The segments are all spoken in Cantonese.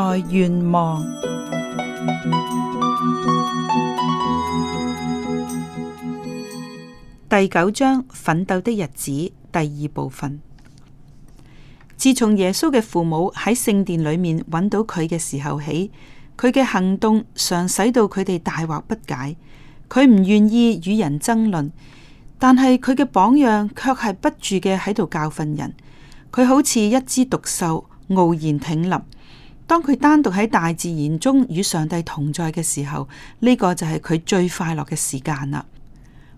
在願望第九章，奮鬥的日子，第二部分。自從耶穌嘅父母喺聖殿裏面揾到佢嘅時候起，佢嘅行動常使到佢哋大惑不解。佢唔願意與人爭論，但係佢嘅榜樣卻係不住嘅喺度教訓人。佢好似一枝獨秀，傲然挺立。當佢單獨喺大自然中與上帝同在嘅時候，呢、這個就係佢最快樂嘅時間啦。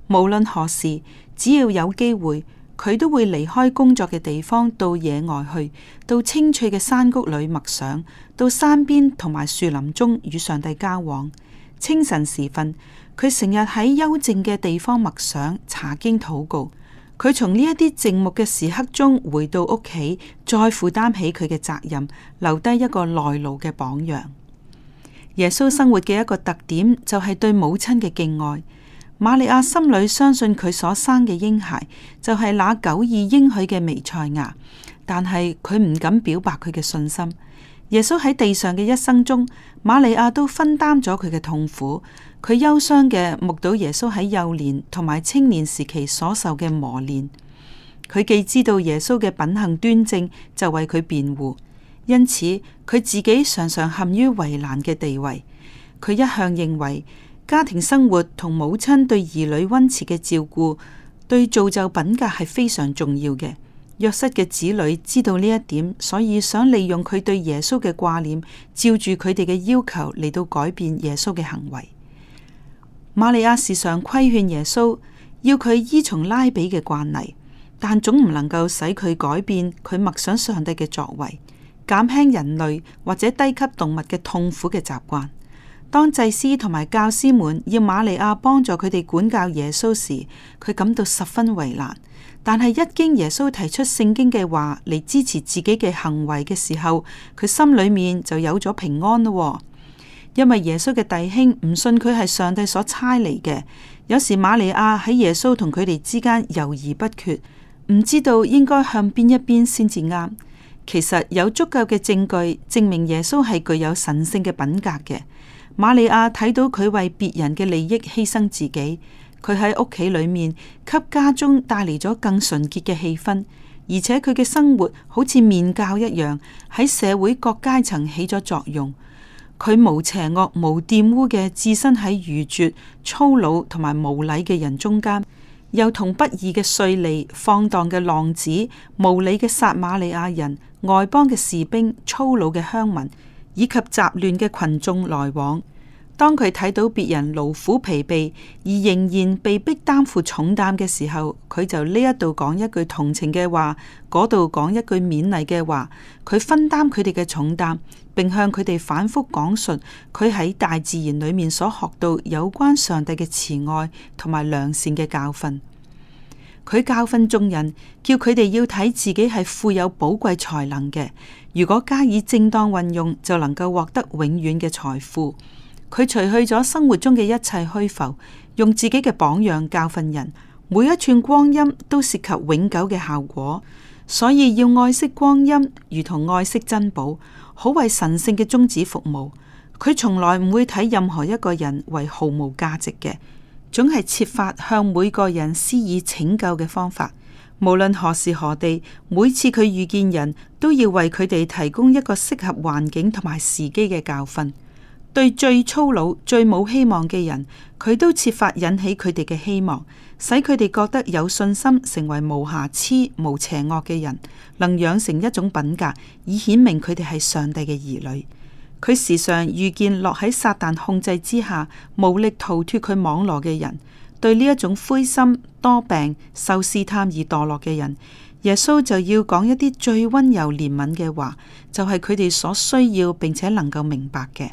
無論何時，只要有機會，佢都會離開工作嘅地方到野外去，到青翠嘅山谷裏默想，到山邊同埋樹林中與上帝交往。清晨時分，佢成日喺幽靜嘅地方默想、查經、禱告。佢從呢一啲靜默嘅時刻中回到屋企，再負擔起佢嘅責任，留低一個耐勞嘅榜樣。耶穌生活嘅一個特點就係對母親嘅敬愛。瑪利亞心裏相信佢所生嘅嬰孩就係那久已應許嘅彌賽亞，但係佢唔敢表白佢嘅信心。耶穌喺地上嘅一生中，瑪利亞都分擔咗佢嘅痛苦，佢憂傷嘅目睹耶穌喺幼年同埋青年時期所受嘅磨練，佢既知道耶穌嘅品行端正，就為佢辯護，因此佢自己常常陷於為難嘅地位。佢一向認為家庭生活同母親對兒女溫慈嘅照顧，對造就品格係非常重要嘅。約瑟嘅子女知道呢一點，所以想利用佢對耶穌嘅掛念，照住佢哋嘅要求嚟到改變耶穌嘅行為。瑪利亞時常規勸耶穌，要佢依從拉比嘅慣例，但總唔能夠使佢改變佢默想上帝嘅作為，減輕人類或者低級動物嘅痛苦嘅習慣。當祭司同埋教師們要瑪利亞幫助佢哋管教耶穌時，佢感到十分為難。但係一經耶穌提出聖經嘅話嚟支持自己嘅行為嘅時候，佢心裏面就有咗平安咯，哦。因為耶穌嘅弟兄唔信佢係上帝所差嚟嘅，有時瑪利亞喺耶穌同佢哋之間猶豫不決，唔知道應該向邊一邊先至啱？其實有足夠嘅證據證明耶穌係具有神聖嘅品格嘅。瑪利亞睇到佢為別人嘅利益犧牲自己。佢喺屋企裏面，給家中帶嚟咗更純潔嘅氣氛，而且佢嘅生活好似面教一樣，喺社會各階層起咗作用。佢無邪惡、無玷污嘅，置身喺愚拙、粗魯同埋無禮嘅人中間，又同不義嘅稅吏、放蕩嘅浪子、無禮嘅撒瑪利亞人、外邦嘅士兵、粗魯嘅鄉民以及雜亂嘅群眾來往。當佢睇到別人勞苦疲憊而仍然被逼擔負重擔嘅時候，佢就呢一度講一句同情嘅話，嗰度講一句勉勵嘅話，佢分擔佢哋嘅重擔，並向佢哋反復講述佢喺大自然裏面所學到有關上帝嘅慈愛同埋良善嘅教訓。佢教訓眾人，叫佢哋要睇自己係富有寶貴才能嘅，如果加以正當運用，就能夠獲得永遠嘅財富。佢除去咗生活中嘅一切虛浮，用自己嘅榜樣教訓人。每一寸光陰都涉及永久嘅效果，所以要愛惜光陰，如同愛惜珍寶，好為神聖嘅宗旨服務。佢從來唔會睇任何一個人為毫無價值嘅，總係設法向每個人施以拯救嘅方法。無論何時何地，每次佢遇見人，都要為佢哋提供一個適合環境同埋時機嘅教訓。對最粗魯、最冇希望嘅人，佢都設法引起佢哋嘅希望，使佢哋覺得有信心，成為無瑕疵、無邪惡嘅人，能養成一種品格，以顯明佢哋係上帝嘅兒女。佢時常遇見落喺撒旦控制之下，無力逃脫佢網絡嘅人，對呢一種灰心多病、受試探而墮落嘅人，耶穌就要講一啲最溫柔憐憫嘅話，就係佢哋所需要並且能夠明白嘅。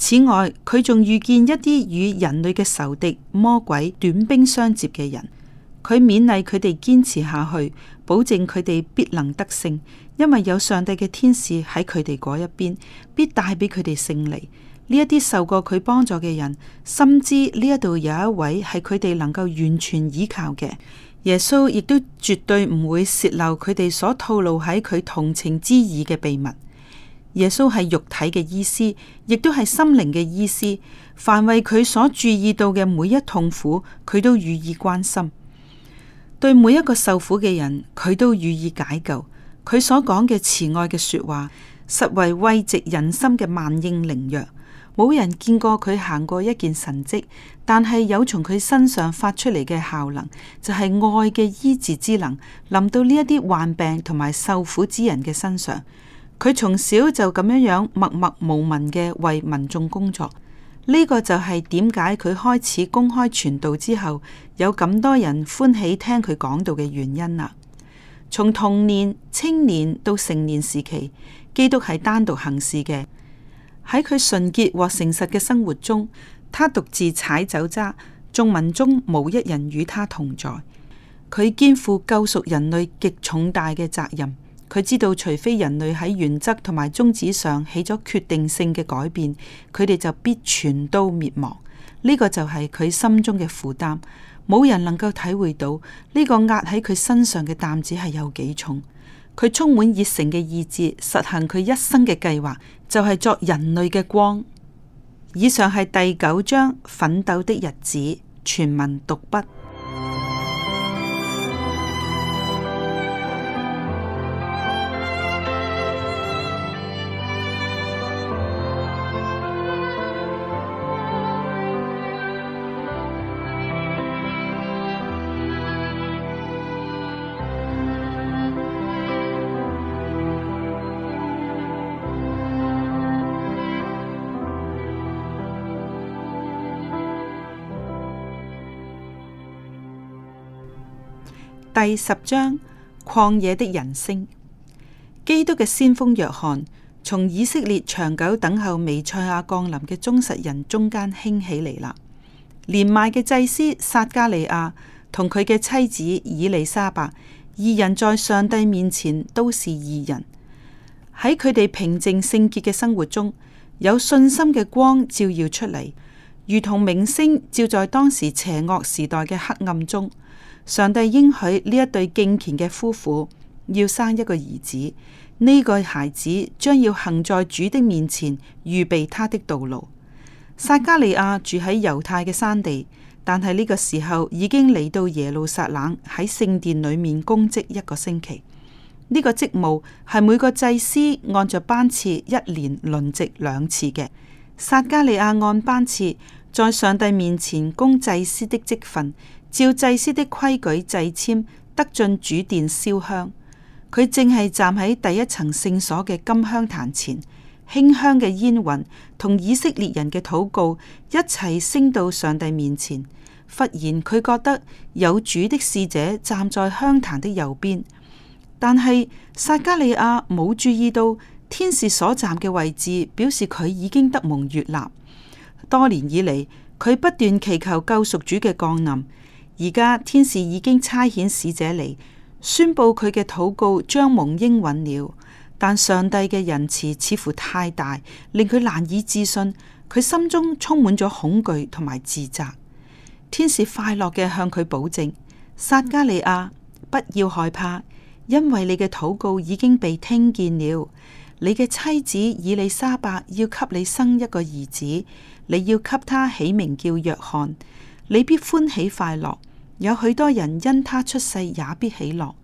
此外，佢仲遇見一啲與人類嘅仇敵、魔鬼、短兵相接嘅人，佢勉勵佢哋堅持下去，保證佢哋必能得勝，因為有上帝嘅天使喺佢哋嗰一邊，必帶俾佢哋勝利。呢一啲受過佢幫助嘅人，深知呢一度有一位係佢哋能夠完全依靠嘅耶穌，亦都絕對唔會泄漏佢哋所透露喺佢同情之意嘅秘密。耶穌係肉體嘅醫師，亦都係心靈嘅醫師。凡為佢所注意到嘅每一痛苦，佢都予以關心；對每一個受苦嘅人，佢都予以解救。佢所講嘅慈愛嘅說話，實為慰藉人心嘅萬應靈藥。冇人見過佢行過一件神蹟，但係有從佢身上發出嚟嘅效能，就係、是、愛嘅醫治之能，臨到呢一啲患病同埋受苦之人嘅身上。佢從小就咁樣樣默默無聞嘅為民眾工作，呢個就係點解佢開始公開傳道之後有咁多人歡喜聽佢講道嘅原因啦。從童年、青年到成年時期，基督係單獨行事嘅。喺佢純潔和誠實嘅生活中，他獨自踹酒醡，眾民中冇一人與他同在。佢肩負救贖人類極重大嘅責任。佢知道，除非人類喺原則同埋宗旨上起咗決定性嘅改變，佢哋就必全都滅亡。呢、這個就係佢心中嘅負擔，冇人能夠體會到呢、這個壓喺佢身上嘅擔子係有幾重。佢充滿熱誠嘅意志，實行佢一生嘅計劃，就係、是、作人類嘅光。以上係第九章《奮鬥的日子》全文讀畢。第十章，曠野的人聲。基督嘅先鋒約翰，從以色列長久等候彌賽亞降臨嘅忠實人中間興起嚟啦。年邁嘅祭司撒加利亞同佢嘅妻子以利沙伯，二人在上帝面前都是義人。喺佢哋平靜聖潔嘅生活中，有信心嘅光照耀出嚟，如同明星照在當時邪惡時代嘅黑暗中。上帝應許呢一對敬虔嘅夫婦要生一個兒子，呢、這個孩子將要行在主的面前，預備他的道路。撒加利亞住喺猶太嘅山地，但係呢個時候已經嚟到耶路撒冷，喺聖殿裏面供職一個星期。呢、這個職務係每個祭司按着班次一年輪值兩次嘅。撒加利亞按班次在上帝面前供祭司的職份。照祭司的規矩祭簽得進主殿燒香，佢正係站喺第一層聖所嘅金香壇前，馨香嘅煙雲同以色列人嘅禱告一齊升到上帝面前。忽然佢覺得有主的使者站在香壇的右邊，但係撒迦利亞冇注意到天使所站嘅位置，表示佢已經得蒙悅納。多年以嚟，佢不斷祈求救贖主嘅降臨。而家天使已經差遣使者嚟宣佈佢嘅禱告將蒙應允了，但上帝嘅仁慈似乎太大，令佢難以置信。佢心中充滿咗恐懼同埋自責。天使快樂嘅向佢保證：撒加利亞，不要害怕，因為你嘅禱告已經被聽見了。你嘅妻子以利沙伯要給你生一個兒子，你要給他起名叫約翰，你必歡喜快樂。有許多人因他出世也必喜樂。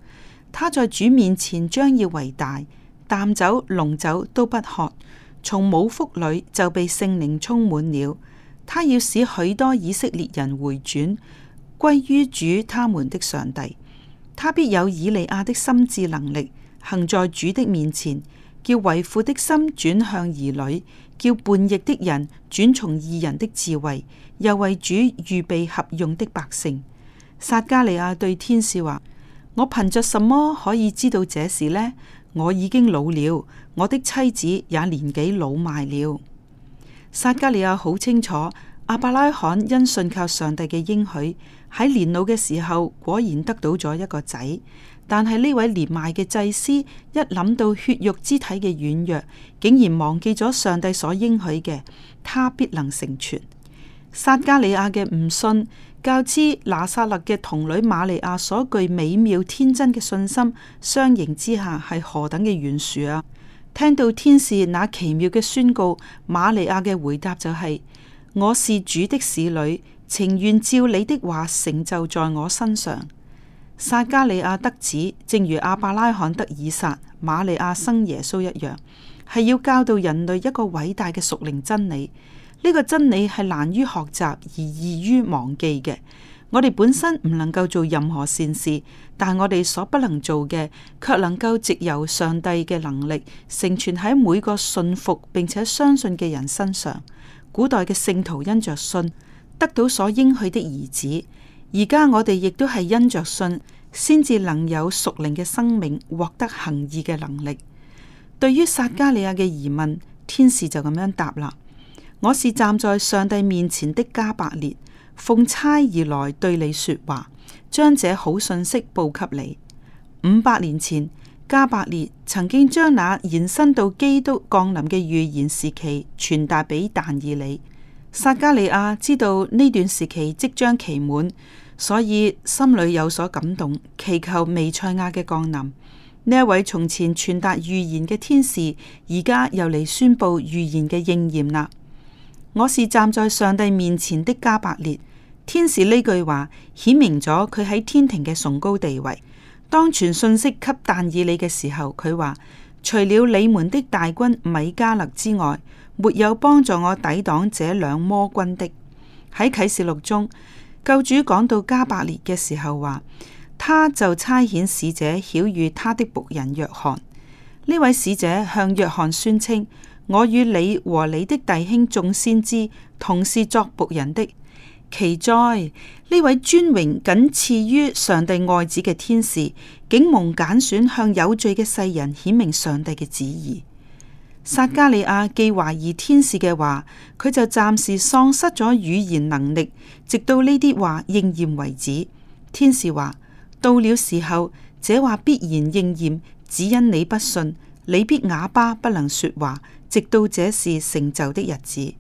他在主面前將要為大，淡酒濃酒都不喝。從母腹裏就被聖靈充滿了。他要使許多以色列人回轉歸於主他們的上帝。他必有以利亞的心智能力，行在主的面前，叫為父的心轉向兒女，叫叛逆的人轉從義人的智慧，又為主預備合用的百姓。撒加利亞對天使話：我憑着什麼可以知道這事呢？我已經老了，我的妻子也年紀老邁了。撒加利亞好清楚，亞伯拉罕因信靠上帝嘅應許，喺年老嘅時候果然得到咗一個仔。但係呢位年邁嘅祭司一諗到血肉之體嘅軟弱，竟然忘記咗上帝所應許嘅，他必能成全。撒加利亞嘅唔信，較之拿撒勒嘅童女瑪利亞所具美妙天真嘅信心，相形之下係何等嘅懸殊啊！聽到天使那奇妙嘅宣告，瑪利亞嘅回答就係、是：我是主的使女，情願照你的話成就在我身上。撒加利亞得子，正如亞伯拉罕得以撒，瑪利亞生耶穌一樣，係要教導人類一個偉大嘅屬靈真理。呢個真理係難於學習而易於忘記嘅。我哋本身唔能夠做任何善事，但我哋所不能做嘅，卻能夠藉由上帝嘅能力成全喺每個信服並且相信嘅人身上。古代嘅聖徒因着信得到所應許的兒子，而家我哋亦都係因着信先至能有屬靈嘅生命，獲得行義嘅能力。對於撒加利亞嘅疑問，天使就咁樣答啦。我是站在上帝面前的加百列，奉差而來對你說話，將這好信息報給你。五百年前，加百列曾經將那延伸到基督降臨嘅預言時期傳達俾但以理。撒加利亞知道呢段時期即將期滿，所以心裡有所感動，祈求彌賽亞嘅降臨。呢一位從前傳達預言嘅天使，而家又嚟宣布預言嘅應驗啦。我是站在上帝面前的加百列天使，呢句話顯明咗佢喺天庭嘅崇高地位。當傳信息給但以理嘅時候，佢話，除了你們的大君米迦勒之外，沒有幫助我抵擋這兩魔君的。喺啟示錄中，救主講到加百列嘅時候話，他就差遣使者曉諭他的僕人約翰。呢位使者向約翰宣稱。我與你和你的弟兄眾先知，同是作僕人的。其在呢位尊榮僅次於上帝愛子嘅天使，竟蒙揀選，向有罪嘅世人顯明上帝嘅旨意。撒迦利亞既懷疑天使嘅話，佢就暫時喪失咗語言能力，直到呢啲話應驗為止。天使話：到了時候，這話必然應驗，只因你不信，你必啞巴，不能說話。直到這是成就的日子，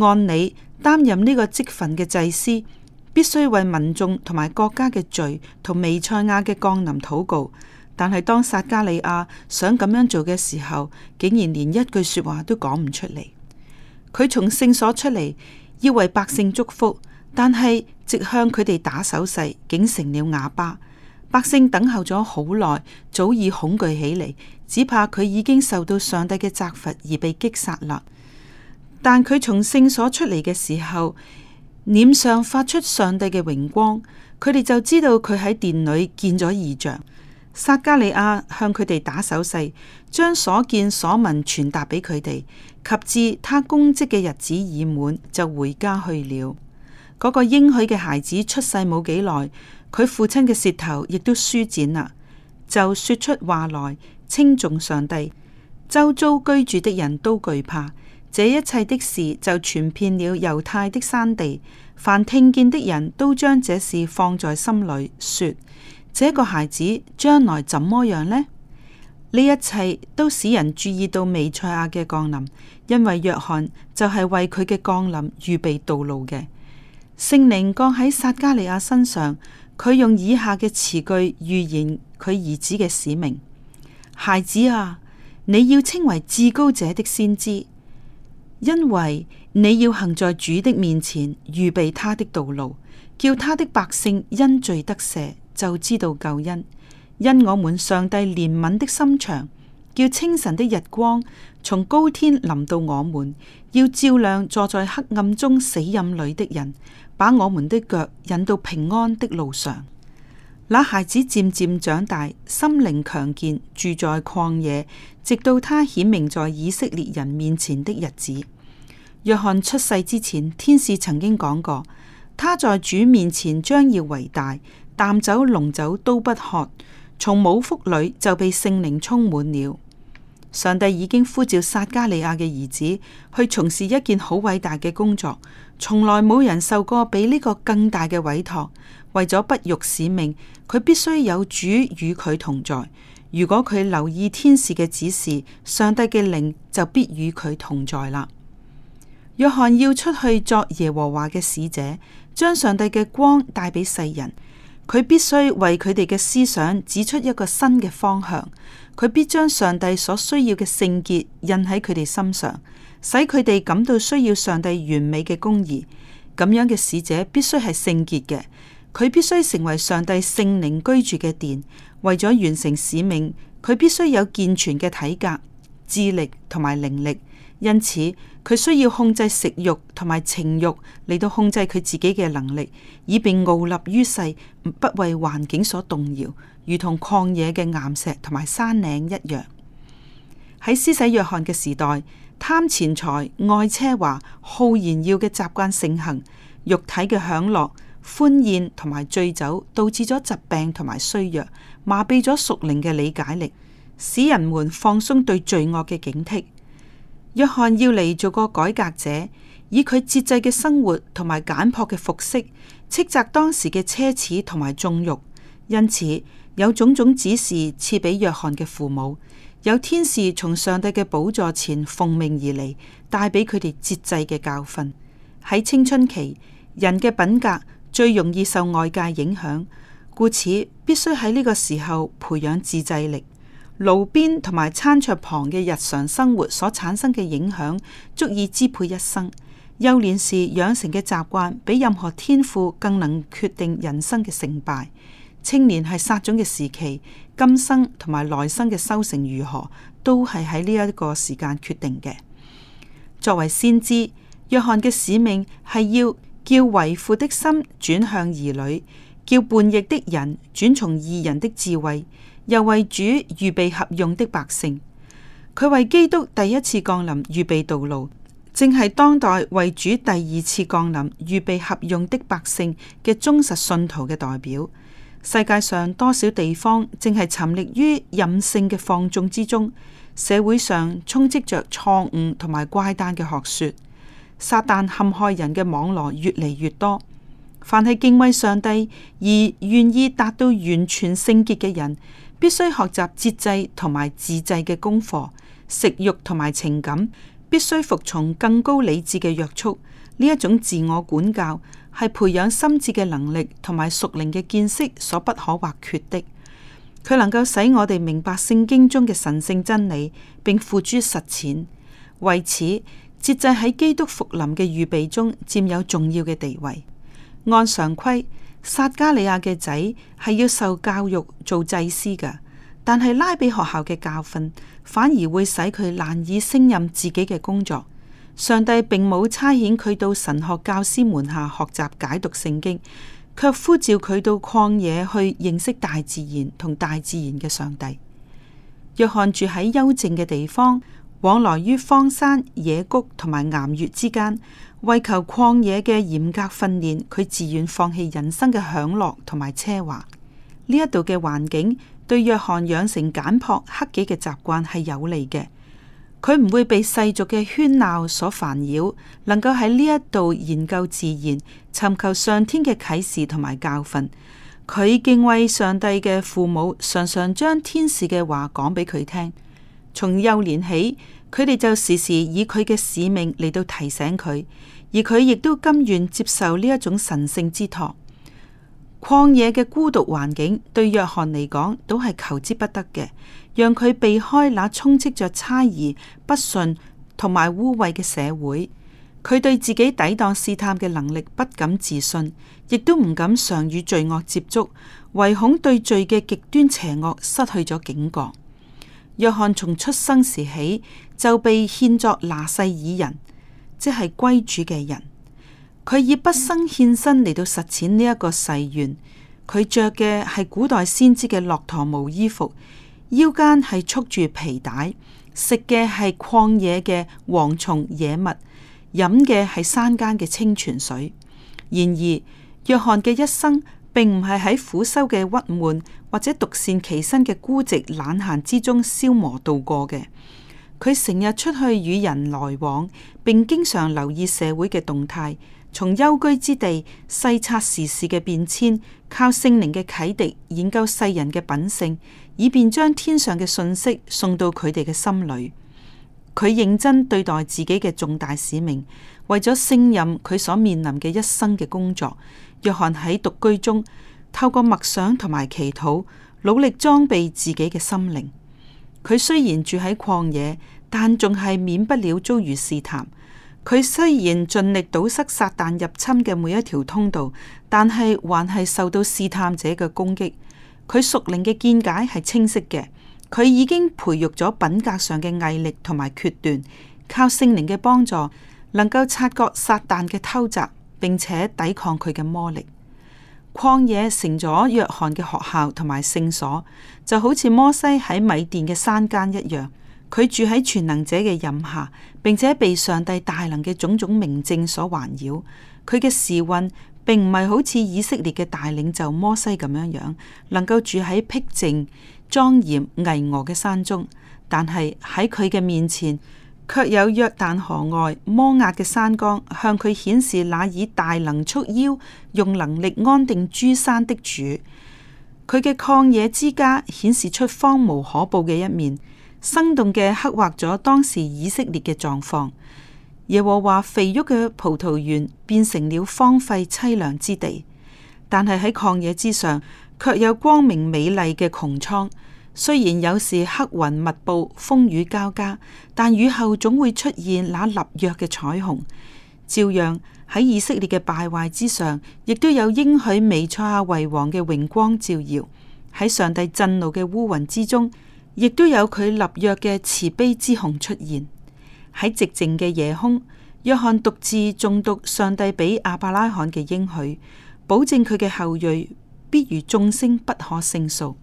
按理擔任呢個職份嘅祭司，必須為民眾同埋國家嘅罪同彌賽亞嘅降臨禱告。但係當撒迦利亞想咁樣做嘅時候，竟然連一句說話都講唔出嚟。佢從聖所出嚟要為百姓祝福，但係直向佢哋打手勢，竟成了啞巴。百姓等候咗好耐，早已恐懼起嚟，只怕佢已經受到上帝嘅責罰而被擊殺啦。但佢從聖所出嚟嘅時候，臉上發出上帝嘅榮光，佢哋就知道佢喺殿裏見咗異象。撒加利亞向佢哋打手勢，將所見所聞傳達俾佢哋，及至他公職嘅日子已滿，就回家去了。嗰個應許嘅孩子出世冇幾耐。佢父親嘅舌頭亦都舒展啦，就說出話來稱頌上帝。周遭居住的人都懼怕，這一切的事就傳遍了猶太的山地。凡聽見的人都將這事放在心裏，說：這個孩子將來怎麼樣呢？呢一切都使人注意到彌賽亞嘅降臨，因為約翰就係為佢嘅降臨預備道路嘅。聖靈降喺撒加利亞身上。佢用以下嘅詞句預言佢兒子嘅使命：孩子啊，你要稱為至高者的先知，因為你要行在主的面前，預備他的道路，叫他的百姓因罪得赦，就知道救恩。因我們上帝憐憫的心腸，叫清晨的日光從高天臨到我們，要照亮坐在黑暗中死蔭裏的人。把我們的腳引到平安的路上。那孩子漸漸長大，心靈強健，住在曠野，直到他顯明在以色列人面前的日子。約翰出世之前，天使曾經講過，他在主面前將要為大，淡酒濃酒都不喝，從母腹裏就被聖靈充滿了。上帝已經呼召撒加利亞嘅兒子去從事一件好偉大嘅工作，從來冇人受過比呢個更大嘅委託。為咗不辱使命，佢必須有主與佢同在。如果佢留意天使嘅指示，上帝嘅靈就必與佢同在啦。約翰要出去作耶和華嘅使者，將上帝嘅光帶俾世人。佢必須為佢哋嘅思想指出一個新嘅方向。佢必將上帝所需要嘅聖潔印喺佢哋心上，使佢哋感到需要上帝完美嘅公義。咁樣嘅使者必須係聖潔嘅。佢必須成為上帝聖靈居住嘅殿。為咗完成使命，佢必須有健全嘅體格、智力同埋靈力。因此，佢需要控制食慾同埋情欲嚟到控制佢自己嘅能力，以便傲立於世，不為環境所動搖，如同曠野嘅岩石同埋山嶺一樣。喺施洗約翰嘅時代，貪錢財、愛奢華、好炫耀嘅習慣盛行，肉體嘅享樂、歡宴同埋醉酒，導致咗疾病同埋衰弱，麻痹咗屬靈嘅理解力，使人們放鬆對罪惡嘅警惕。約翰要嚟做個改革者，以佢節制嘅生活同埋簡樸嘅服飾，斥責當時嘅奢侈同埋縱慾。因此，有種種指示賜俾約翰嘅父母，有天使從上帝嘅寶座前奉命而嚟，帶俾佢哋節制嘅教訓。喺青春期，人嘅品格最容易受外界影響，故此必須喺呢個時候培養自制力。路邊同埋餐桌旁嘅日常生活所產生嘅影響，足以支配一生。幼年時養成嘅習慣，比任何天賦更能決定人生嘅成敗。青年係撒種嘅時期，今生同埋來生嘅收成如何，都係喺呢一個時間決定嘅。作為先知，約翰嘅使命係要叫為父的心轉向兒女，叫叛逆的人轉從異人的智慧。又為主預備合用的百姓，佢為基督第一次降臨預備道路，正係當代為主第二次降臨預備合用的百姓嘅忠實信徒嘅代表。世界上多少地方正係沉溺於任性嘅放縱之中，社會上充斥着錯誤同埋怪誕嘅學說，撒旦陷害人嘅網羅越嚟越多。凡係敬畏上帝而願意達到完全聖潔嘅人，必須學習節制同埋自制嘅功課，食慾同埋情感必須服從更高理智嘅約束。呢一種自我管教係培養心智嘅能力同埋熟靈嘅見識所不可或缺的。佢能夠使我哋明白聖經中嘅神聖真理，並付諸實踐。為此，節制喺基督復臨嘅預備中佔有重要嘅地位。按常規。撒加利亞嘅仔係要受教育做祭司嘅，但係拉比學校嘅教訓反而會使佢難以勝任自己嘅工作。上帝並冇差遣佢到神學教師門下學習解讀聖經，卻呼召佢到曠野去認識大自然同大自然嘅上帝。約翰住喺幽靜嘅地方，往來於荒山野谷同埋岩穴之間。為求曠野嘅嚴格訓練，佢自願放棄人生嘅享樂同埋奢華。呢一度嘅環境對約翰養成簡樸、克己嘅習慣係有利嘅。佢唔會被世俗嘅喧鬧所煩擾，能夠喺呢一度研究自然，尋求上天嘅啟示同埋教訓。佢敬畏上帝嘅父母，常常將天使嘅話講俾佢聽。從幼年起，佢哋就時時以佢嘅使命嚟到提醒佢，而佢亦都甘願接受呢一種神聖之託。曠野嘅孤獨環境對約翰嚟講，都係求之不得嘅，讓佢避開那充斥着猜疑、不信同埋污穢嘅社會。佢對自己抵擋試探嘅能力不敢自信，亦都唔敢常與罪惡接觸，唯恐對罪嘅極端邪惡失去咗警覺。約翰從出生時起就被獻作拿細耳人，即係歸主嘅人。佢以畢生獻身嚟到實踐呢一個誓願。佢着嘅係古代先知嘅駱駝毛衣服，腰間係束住皮帶，食嘅係曠野嘅蝗蟲野物，飲嘅係山間嘅清泉水。然而，約翰嘅一生。並唔係喺苦修嘅鬱悶或者獨善其身嘅孤寂懶閒之中消磨度過嘅。佢成日出去與人來往，並經常留意社會嘅動態，從幽居之地細察時事嘅變遷，靠聖靈嘅啟迪研究世人嘅品性，以便將天上嘅信息送到佢哋嘅心裏。佢認真對待自己嘅重大使命，為咗勝任佢所面臨嘅一生嘅工作。約翰喺獨居中，透過默想同埋祈禱，努力裝備自己嘅心靈。佢雖然住喺曠野，但仲係免不了遭遇試探。佢雖然盡力堵塞撒但入侵嘅每一條通道，但係還係受到試探者嘅攻擊。佢屬靈嘅見解係清晰嘅，佢已經培育咗品格上嘅毅力同埋決斷，靠聖靈嘅幫助，能夠察覺撒但嘅偷襲。並且抵抗佢嘅魔力，曠野成咗約翰嘅學校同埋聖所，就好似摩西喺米甸嘅山間一樣。佢住喺全能者嘅蔭下，並且被上帝大能嘅種種明證所環繞。佢嘅時運並唔係好似以色列嘅大領袖摩西咁樣樣，能夠住喺僻靜、莊嚴、巍峨嘅山中。但係喺佢嘅面前，卻有約旦河外摩押嘅山岡，向佢顯示那以大能束腰、用能力安定諸山的主。佢嘅曠野之家顯示出荒無可怖嘅一面，生動嘅刻畫咗當時以色列嘅狀況。耶和華肥沃嘅葡萄園變成了荒廢淒涼之地，但係喺曠野之上，卻有光明美麗嘅穹蒼。雖然有時黑雲密布、風雨交加，但雨後總會出現那立約嘅彩虹。照樣喺以色列嘅敗壞之上，亦都有應許美賽亞為王嘅榮光照耀；喺上帝震怒嘅烏雲之中，亦都有佢立約嘅慈悲之虹出現。喺寂靜嘅夜空，約翰獨自誦讀上帝俾亞伯拉罕嘅應許，保證佢嘅後裔必如眾星不可勝數。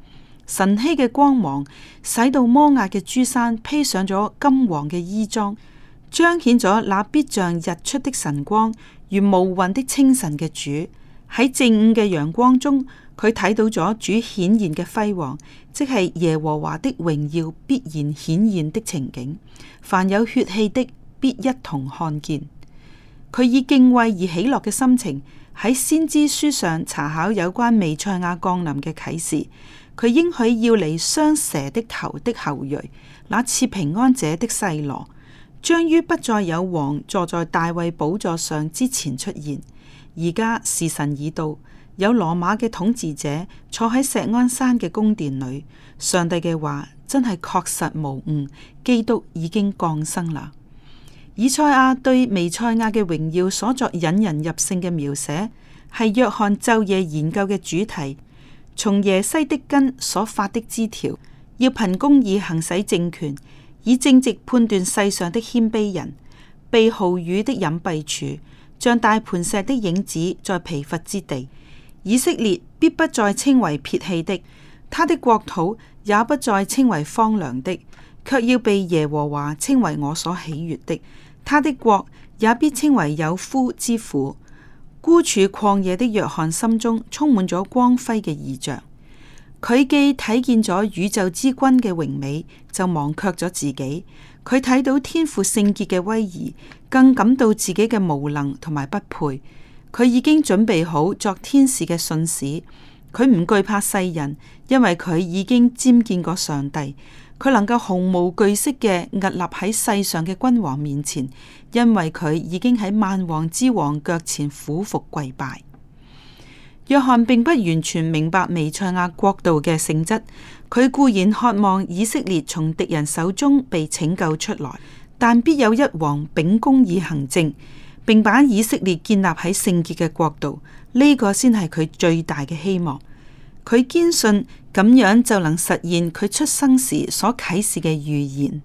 晨曦嘅光芒使到摩亞嘅珠山披上咗金黃嘅衣裝，彰顯咗那必像日出的神光，如無雲的清晨嘅主，喺正午嘅陽光中，佢睇到咗主顯現嘅輝煌，即係耶和華的榮耀必然顯現的情景。凡有血氣的必一同看見。佢以敬畏而喜樂嘅心情喺先知書上查考有關彌賽亞降臨嘅啟示。佢應許要嚟雙蛇的頭的後裔，那賜平安者的細羅，將於不再有王坐在大衛寶座上之前出現。而家時辰已到，有羅馬嘅統治者坐喺錫安山嘅宮殿裏。上帝嘅話真係確實無誤，基督已經降生啦。以賽亞對彌賽亞嘅榮耀所作引人入勝嘅描寫，係約翰晝夜研究嘅主題。從耶西的根所發的枝條，要憑公義行使政權，以正直判斷世上的謙卑人。避暴雨的隱蔽處，像大磐石的影子，在疲乏之地，以色列必不再稱為撇棄的，他的國土也不再稱為荒涼的，卻要被耶和華稱為我所喜悅的，他的國也必稱為有夫之婦。孤處曠野的約翰心中充滿咗光輝嘅異象，佢既睇見咗宇宙之君嘅榮美，就忘卻咗自己。佢睇到天父聖潔嘅威儀，更感到自己嘅無能同埋不配。佢已經準備好作天使嘅信使，佢唔懼怕世人，因為佢已經瞻見過上帝。佢能夠毫無懼色嘅屹立喺世上嘅君王面前，因為佢已經喺萬王之王腳前俯伏跪拜。約翰並不完全明白彌賽亞國度嘅性質，佢固然渴望以色列從敵人手中被拯救出來，但必有一王秉公以行政，並把以色列建立喺聖潔嘅國度，呢、這個先係佢最大嘅希望。佢堅信咁樣就能實現佢出生時所啟示嘅預言，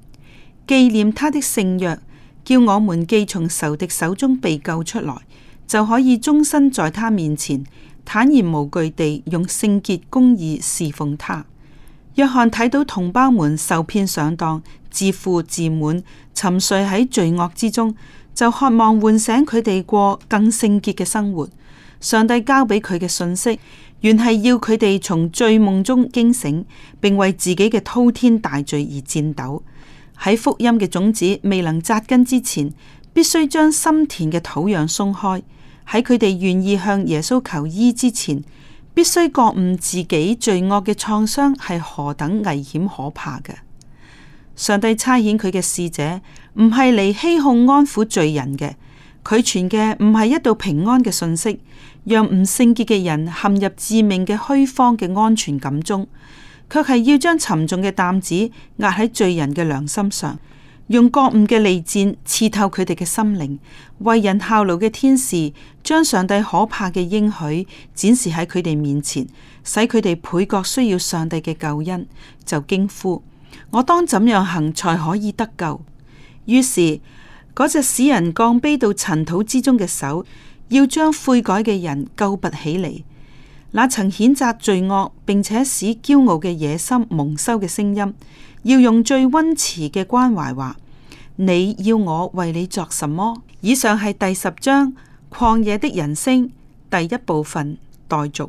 紀念他的聖約，叫我們既從仇敵手中被救出來，就可以終身在他面前坦然無懼地用聖潔公義侍奉他。約翰睇到同胞們受騙上當，自負自滿，沉睡喺罪惡之中，就渴望喚醒佢哋過更聖潔嘅生活。上帝交俾佢嘅信息，原係要佢哋從醉夢中驚醒，並為自己嘅滔天大罪而顫抖。喺福音嘅種子未能扎根之前，必須將心田嘅土壤鬆開。喺佢哋願意向耶穌求醫之前，必須覺悟自己罪惡嘅創傷係何等危險可怕嘅。上帝差遣佢嘅使者，唔係嚟欺哄安撫罪人嘅。佢傳嘅唔係一道平安嘅信息，讓唔聖潔嘅人陷入致命嘅虛謊嘅安全感中，卻係要將沉重嘅擔子壓喺罪人嘅良心上，用覺悟嘅利箭刺透佢哋嘅心靈，為人效勞嘅天使將上帝可怕嘅應許展示喺佢哋面前，使佢哋倍覺需要上帝嘅救恩，就驚呼：我當怎樣行才可以得救？於是。嗰隻使人降卑到塵土之中嘅手，要將悔改嘅人救拔起嚟；那曾譴責罪惡，並且使驕傲嘅野心蒙羞嘅聲音，要用最溫慈嘅關懷話：你要我為你作什麼？以上係第十章曠野的人生第一部分，待續。